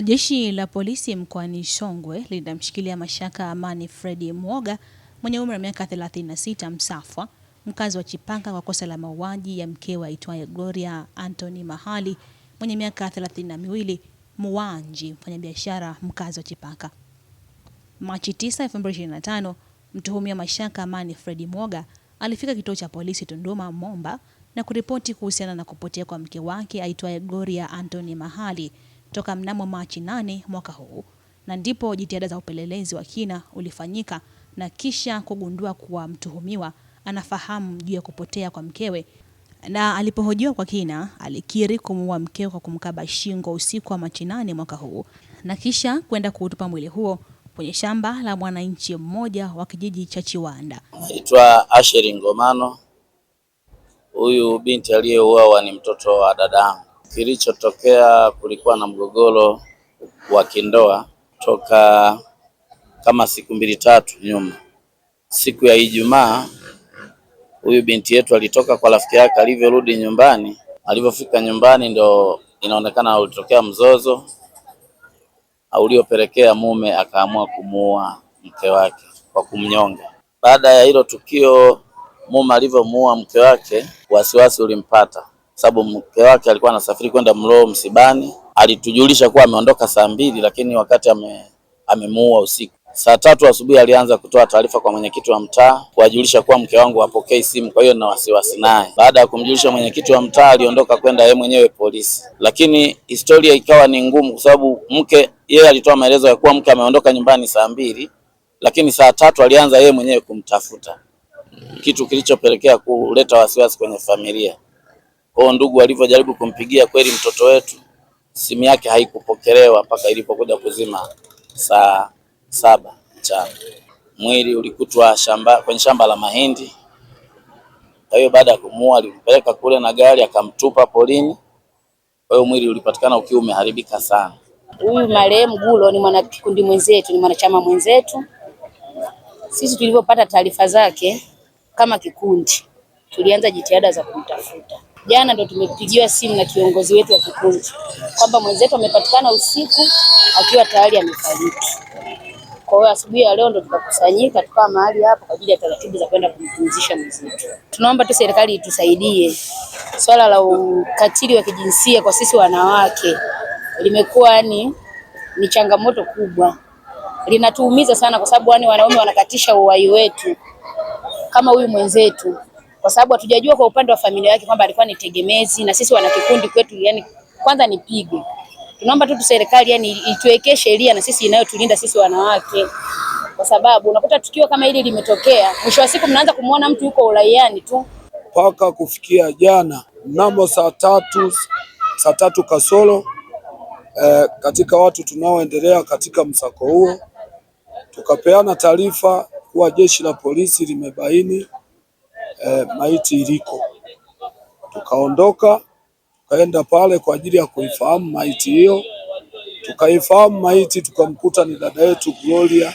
Jeshi la polisi mkoani Songwe linamshikilia mashaka Amani Fredi Mwoga mwenye umri wa miaka 36 msafwa mkazi wa Chipanga kwa kosa la mauaji ya mkewe aitwaye Gloria Anthony Mahali mwenye miaka 32 Muwanji, mfanyabiashara mkazi wa Chipanga. Machi 9, 2025, mtuhumiwa mashaka Amani Fredi Mwoga alifika kituo cha polisi Tunduma Momba na kuripoti kuhusiana na kupotea kwa mke wake aitwaye Gloria Anthony Mahali toka mnamo Machi nane mwaka huu, na ndipo jitihada za upelelezi wa kina ulifanyika na kisha kugundua kuwa mtuhumiwa anafahamu juu ya kupotea kwa mkewe na alipohojiwa kwa kina alikiri kumuua mkewe kwa kumkaba shingo usiku wa Machi nane mwaka huu na kisha kwenda kuutupa mwili huo kwenye shamba la mwananchi mmoja wa kijiji cha Chiwanda. Naitwa Asheri Ngomano. Huyu binti aliyeuawa ni mtoto wa dadangu. Kilichotokea kulikuwa na mgogoro wa kindoa toka kama siku mbili tatu nyuma. Siku ya Ijumaa, huyu binti yetu alitoka kwa rafiki yake, alivyorudi nyumbani, alivyofika nyumbani ndo inaonekana ulitokea mzozo uliopelekea mume akaamua kumuua mke wake kwa kumnyonga. Baada ya hilo tukio, mume alivyomuua mke wake, wasiwasi ulimpata sababu mke wake alikuwa anasafiri kwenda Mloo msibani. Alitujulisha kuwa ameondoka saa mbili, lakini wakati ame amemuua usiku saa tatu asubuhi. Alianza kutoa taarifa kwa mwenyekiti wa mtaa kuwajulisha kuwa mke wangu hapokei simu, kwa hiyo na wasiwasi naye. Baada ya kumjulisha mwenyekiti wa mtaa, aliondoka kwenda yeye mwenyewe polisi, lakini historia ikawa ni ngumu, kwa sababu mke yeye alitoa maelezo ya kuwa mke ameondoka nyumbani saa mbili, lakini saa tatu alianza yeye mwenyewe kumtafuta, kitu kilichopelekea kuleta wasiwasi kwenye familia. Kwao ndugu alivyojaribu kumpigia kweli mtoto wetu, simu yake haikupokelewa mpaka ilipokuja kuzima saa saba mchana. Mwili ulikutwa shamba, kwenye shamba la mahindi. Kwa hiyo baada ya kumuua alimpeleka kule na gari akamtupa polini. Kwa hiyo mwili ulipatikana ukiwa umeharibika sana. Huyu marehemu Gulo ni mwanakikundi mwenzetu, ni mwanachama mwenzetu. Sisi tulivyopata taarifa zake kama kikundi, tulianza jitihada za kumtafuta. Jana ndo tumepigiwa simu na kiongozi wetu wa kikundi kwamba mwenzetu amepatikana usiku akiwa tayari amefariki. Kwa hiyo asubuhi ya leo ndo tukakusanyika tukawa mahali hapo kwa ajili ya taratibu za kwenda kumpumzisha mwenzetu. Tunaomba tu serikali itusaidie, swala la ukatili wa kijinsia kwa sisi wanawake limekuwa ni ni changamoto kubwa, linatuumiza sana, kwa sababu yani wanaume wanakatisha uhai wetu kama huyu mwenzetu kwa sababu hatujajua kwa upande wa familia yake kwamba alikuwa ni tegemezi, na sisi wana kikundi kwetu, yani kwanza ni pigo. Tunaomba tu serikali yani ituwekee sheria na sisi inayotulinda sisi wanawake, kwa sababu unakuta tukio kama hili limetokea, mwisho wa siku mnaanza kumuona mtu yuko uraiani tu. Mpaka kufikia jana mnamo saa tatu saa tatu kasoro eh, katika watu tunaoendelea katika msako huo tukapeana taarifa kuwa jeshi la polisi limebaini eh, maiti iliko. Tukaondoka tukaenda pale kwa ajili ya kuifahamu maiti hiyo. Tukaifahamu maiti, tukamkuta ni dada yetu Gloria,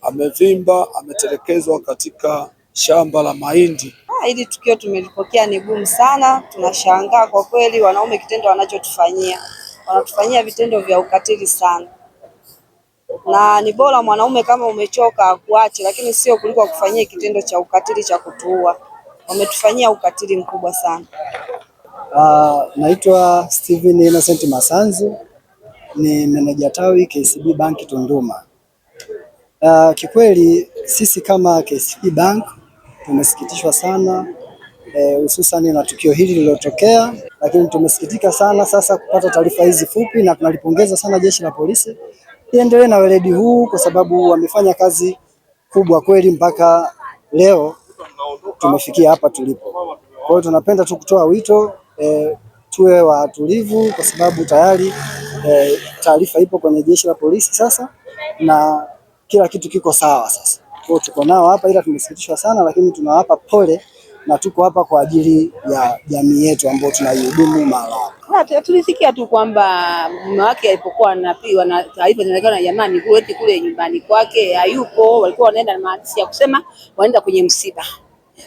amevimba, ametelekezwa katika shamba la mahindi. Ah, hili tukio tumelipokea ni gumu sana, tunashangaa kwa kweli, wanaume kitendo wanachotufanyia, wanatufanyia vitendo vya ukatili sana na ni bora mwanaume kama umechoka akuache, lakini sio kuliko akufanyie kitendo cha ukatili cha kutuua. Wametufanyia ukatili mkubwa sana. Uh, naitwa Steven Innocent Masanzu ni meneja tawi KCB Bank Tunduma. Uh, kikweli sisi kama KCB Bank tumesikitishwa sana eh, hususani eh, na tukio hili lililotokea, lakini tumesikitika sana sasa kupata taarifa hizi fupi, na tunalipongeza sana jeshi la polisi iendelee na weledi huu, kwa sababu wamefanya kazi kubwa kweli mpaka leo tumefikia hapa tulipo. Kwa hiyo tunapenda tu kutoa wito e, tuwe watulivu kwa sababu tayari e, taarifa ipo kwenye jeshi la polisi sasa na kila kitu kiko sawa sasa. Kwa hiyo tuko nao hapa, ila tumesikitishwa sana, lakini tunawapa pole na tuko hapa kwa ajili ya jamii yetu ambayo tunaihudumu mara Hapana, tulisikia tu kwamba mume wake alipokuwa anapiwa na taarifa na jamani, kule eti kule nyumbani kwake hayupo, walikuwa wanaenda na maandishi ya kusema wanaenda kwenye msiba.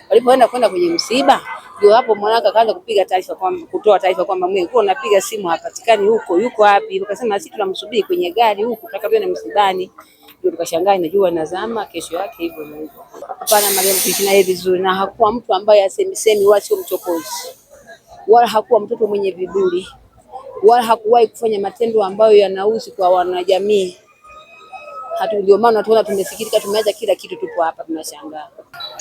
Walipoenda kwenda kwenye msiba, ndio hapo mwanaka akaanza kupiga taarifa kwa kutoa taarifa kwamba mume alikuwa anapiga simu hapatikani, huko yuko wapi? Akasema sisi tunamsubiri kwenye gari huko tutakavyoenda msibani. Ndio tukashangaa, inajua nazama kesho yake hivyo hivyo. Hapana, marehemu tuishi naye vizuri na hakuwa mtu ambaye asemisemi, semi mchokozi wala hakuwa mtoto mwenye viburi wala hakuwahi kufanya matendo ambayo yanauzi kwa wanajamii. Ndio maana tuona tumesikirika, tumeacha kila kitu, tupo hapa tunashangaa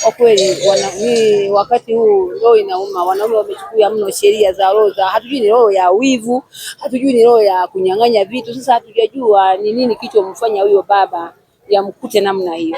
kwa kweli. ni wakati huu roho inauma, wanaume wamechukua mno sheria za roho za, hatujui ni roho ya wivu, hatujui ni roho ya kunyang'anya vitu. Sasa hatujajua ni nini kichomfanya huyo baba yamkute namna hiyo.